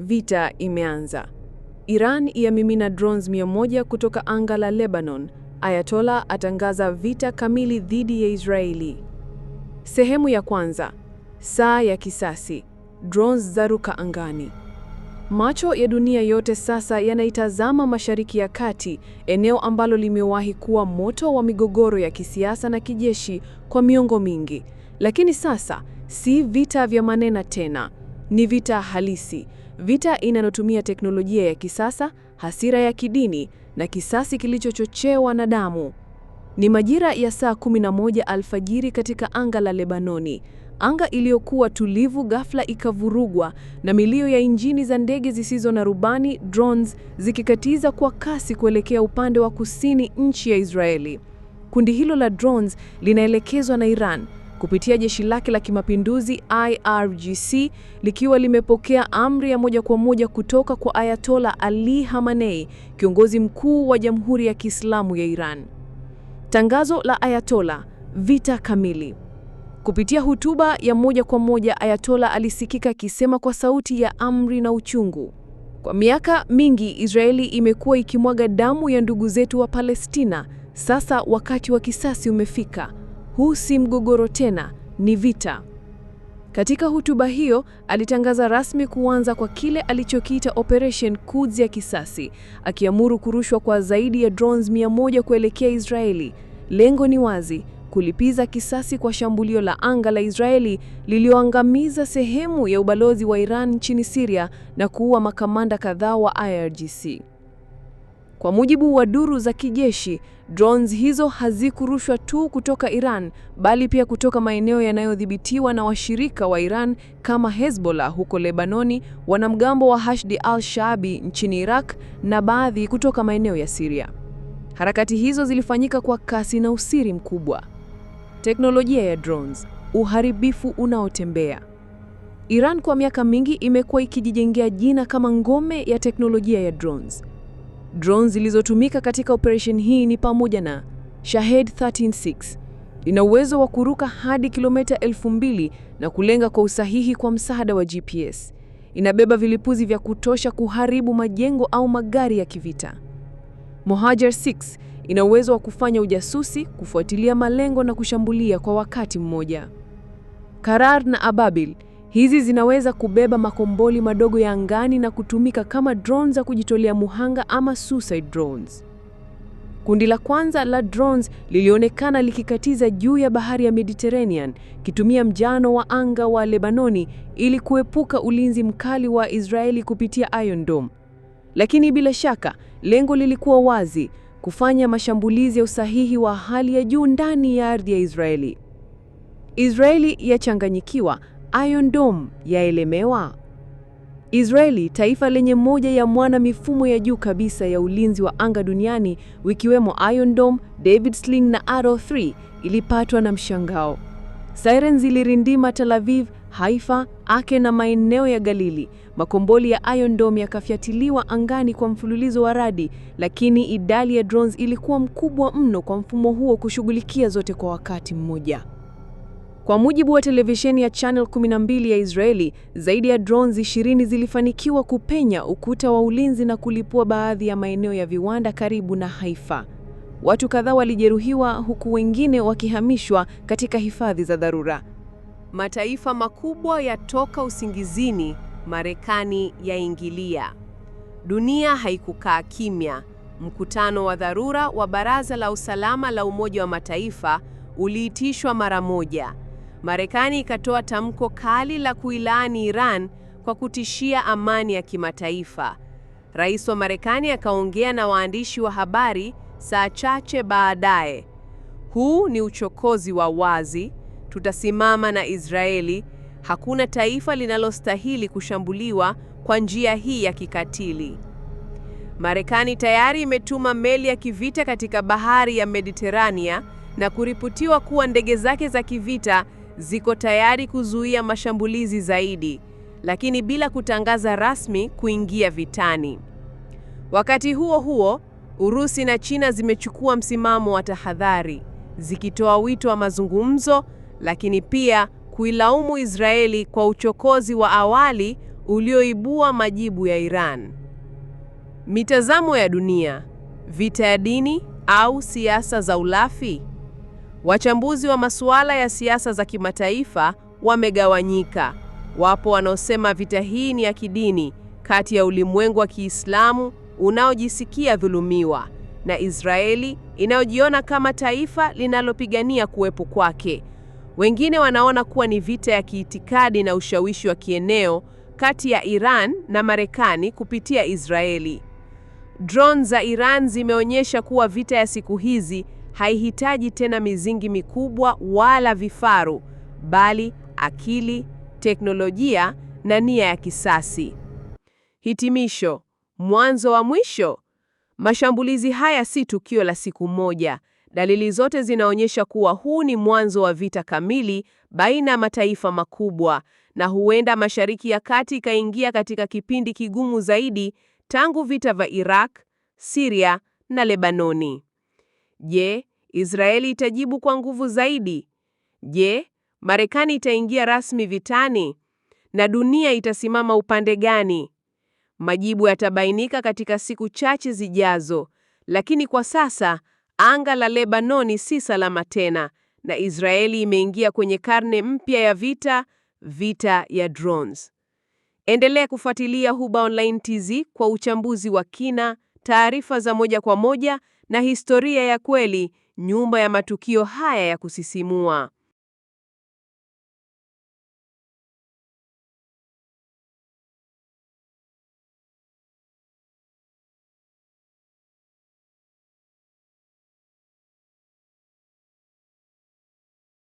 Vita imeanza. Iran yamimina drones moja kutoka anga la Lebanon. ayatola atangaza vita kamili dhidi ya Israeli. Sehemu ya kwanza. Saa ya kisasi. Drones zaruka angani. Macho ya dunia yote sasa yanaitazama Mashariki ya Kati, eneo ambalo limewahi kuwa moto wa migogoro ya kisiasa na kijeshi kwa miongo mingi. Lakini sasa si vita vya manena tena, ni vita halisi vita inayotumia teknolojia ya kisasa, hasira ya kidini na kisasi kilichochochewa na damu. Ni majira ya saa 11 alfajiri katika anga la Lebanoni, anga iliyokuwa tulivu ghafla ikavurugwa na milio ya injini za ndege zisizo na rubani drones, zikikatiza kwa kasi kuelekea upande wa kusini, nchi ya Israeli. Kundi hilo la drones linaelekezwa na Iran kupitia jeshi lake la kimapinduzi IRGC likiwa limepokea amri ya moja kwa moja kutoka kwa Ayatola Ali Khamenei, kiongozi mkuu wa Jamhuri ya Kiislamu ya Iran. Tangazo la Ayatola, vita kamili. Kupitia hutuba ya moja kwa moja, Ayatola alisikika akisema kwa sauti ya amri na uchungu, kwa miaka mingi Israeli imekuwa ikimwaga damu ya ndugu zetu wa Palestina. Sasa wakati wa kisasi umefika. Huu si mgogoro tena, ni vita. Katika hotuba hiyo alitangaza rasmi kuanza kwa kile alichokiita Operation Quds ya kisasi, akiamuru kurushwa kwa zaidi ya drones 100 kuelekea Israeli. Lengo ni wazi, kulipiza kisasi kwa shambulio la anga la Israeli lilioangamiza sehemu ya ubalozi wa Iran nchini Syria na kuua makamanda kadhaa wa IRGC. Kwa mujibu wa duru za kijeshi, Drones hizo hazikurushwa tu kutoka Iran bali pia kutoka maeneo yanayodhibitiwa na washirika wa Iran kama Hezbollah huko Lebanoni, wanamgambo wa Hashdi al-Shaabi nchini Iraq na baadhi kutoka maeneo ya Syria. Harakati hizo zilifanyika kwa kasi na usiri mkubwa. Teknolojia ya drones, uharibifu unaotembea. Iran kwa miaka mingi imekuwa ikijijengea jina kama ngome ya teknolojia ya drones. Drones zilizotumika katika operesheni hii ni pamoja na Shahed 136 ina uwezo wa kuruka hadi kilomita 2000 na kulenga kwa usahihi kwa msaada wa GPS. Inabeba vilipuzi vya kutosha kuharibu majengo au magari ya kivita. Mohajer 6 ina uwezo wa kufanya ujasusi, kufuatilia malengo na kushambulia kwa wakati mmoja. Karar na Ababil Hizi zinaweza kubeba makomboli madogo ya angani na kutumika kama drones za kujitolea muhanga ama suicide drones. Kundi la kwanza la drones lilionekana likikatiza juu ya bahari ya Mediterranean, kitumia mjano wa anga wa Lebanoni ili kuepuka ulinzi mkali wa Israeli kupitia Iron Dome. Lakini bila shaka, lengo lilikuwa wazi, kufanya mashambulizi ya usahihi wa hali ya juu ndani ya ardhi ya Israeli. Israeli yachanganyikiwa Iron Dome yaelemewa? Israeli, taifa lenye moja ya mwana mifumo ya juu kabisa ya ulinzi wa anga duniani, wikiwemo Iron Dome, David Sling na Arrow 3, ilipatwa na mshangao. Siren zilirindima Tel Aviv, Haifa, Ake na maeneo ya Galili. Makomboli ya Iron Dome yakafyatiliwa angani kwa mfululizo wa radi, lakini idadi ya drones ilikuwa mkubwa mno kwa mfumo huo kushughulikia zote kwa wakati mmoja. Kwa mujibu wa televisheni ya Channel 12 ya Israeli, zaidi ya drones 20 zilifanikiwa kupenya ukuta wa ulinzi na kulipua baadhi ya maeneo ya viwanda karibu na Haifa. Watu kadhaa walijeruhiwa huku wengine wakihamishwa katika hifadhi za dharura. Mataifa makubwa yatoka usingizini, Marekani yaingilia. Dunia haikukaa kimya. Mkutano wa dharura wa Baraza la Usalama la Umoja wa Mataifa uliitishwa mara moja. Marekani ikatoa tamko kali la kuilaani Iran kwa kutishia amani ya kimataifa. Rais wa Marekani akaongea na waandishi wa habari saa chache baadaye. Huu ni uchokozi wa wazi. Tutasimama na Israeli. Hakuna taifa linalostahili kushambuliwa kwa njia hii ya kikatili. Marekani tayari imetuma meli ya kivita katika bahari ya Mediterania na kuripotiwa kuwa ndege zake za kivita ziko tayari kuzuia mashambulizi zaidi, lakini bila kutangaza rasmi kuingia vitani. Wakati huo huo, Urusi na China zimechukua msimamo wa tahadhari, zikitoa wito wa mazungumzo, lakini pia kuilaumu Israeli kwa uchokozi wa awali ulioibua majibu ya Iran. Mitazamo ya dunia: vita ya dini au siasa za ulafi? Wachambuzi wa masuala ya siasa za kimataifa wamegawanyika. Wapo wanaosema vita hii ni ya kidini kati ya ulimwengu wa Kiislamu unaojisikia dhulumiwa na Israeli inayojiona kama taifa linalopigania kuwepo kwake. Wengine wanaona kuwa ni vita ya kiitikadi na ushawishi wa kieneo kati ya Iran na Marekani kupitia Israeli. Drone za Iran zimeonyesha kuwa vita ya siku hizi haihitaji tena mizingi mikubwa wala vifaru, bali akili, teknolojia na nia ya kisasi. Hitimisho, mwanzo wa mwisho. Mashambulizi haya si tukio la siku moja. Dalili zote zinaonyesha kuwa huu ni mwanzo wa vita kamili baina ya mataifa makubwa, na huenda Mashariki ya Kati ikaingia katika kipindi kigumu zaidi tangu vita vya Iraq, Siria na Lebanoni. Je, Israeli itajibu kwa nguvu zaidi. Je, Marekani itaingia rasmi vitani? Na dunia itasimama upande gani? Majibu yatabainika katika siku chache zijazo, lakini kwa sasa anga la Lebanoni si salama tena na Israeli imeingia kwenye karne mpya ya vita, vita ya drones. Endelea kufuatilia Hubah Online TZ kwa uchambuzi wa kina, taarifa za moja kwa moja na historia ya kweli nyumba ya matukio haya ya kusisimua.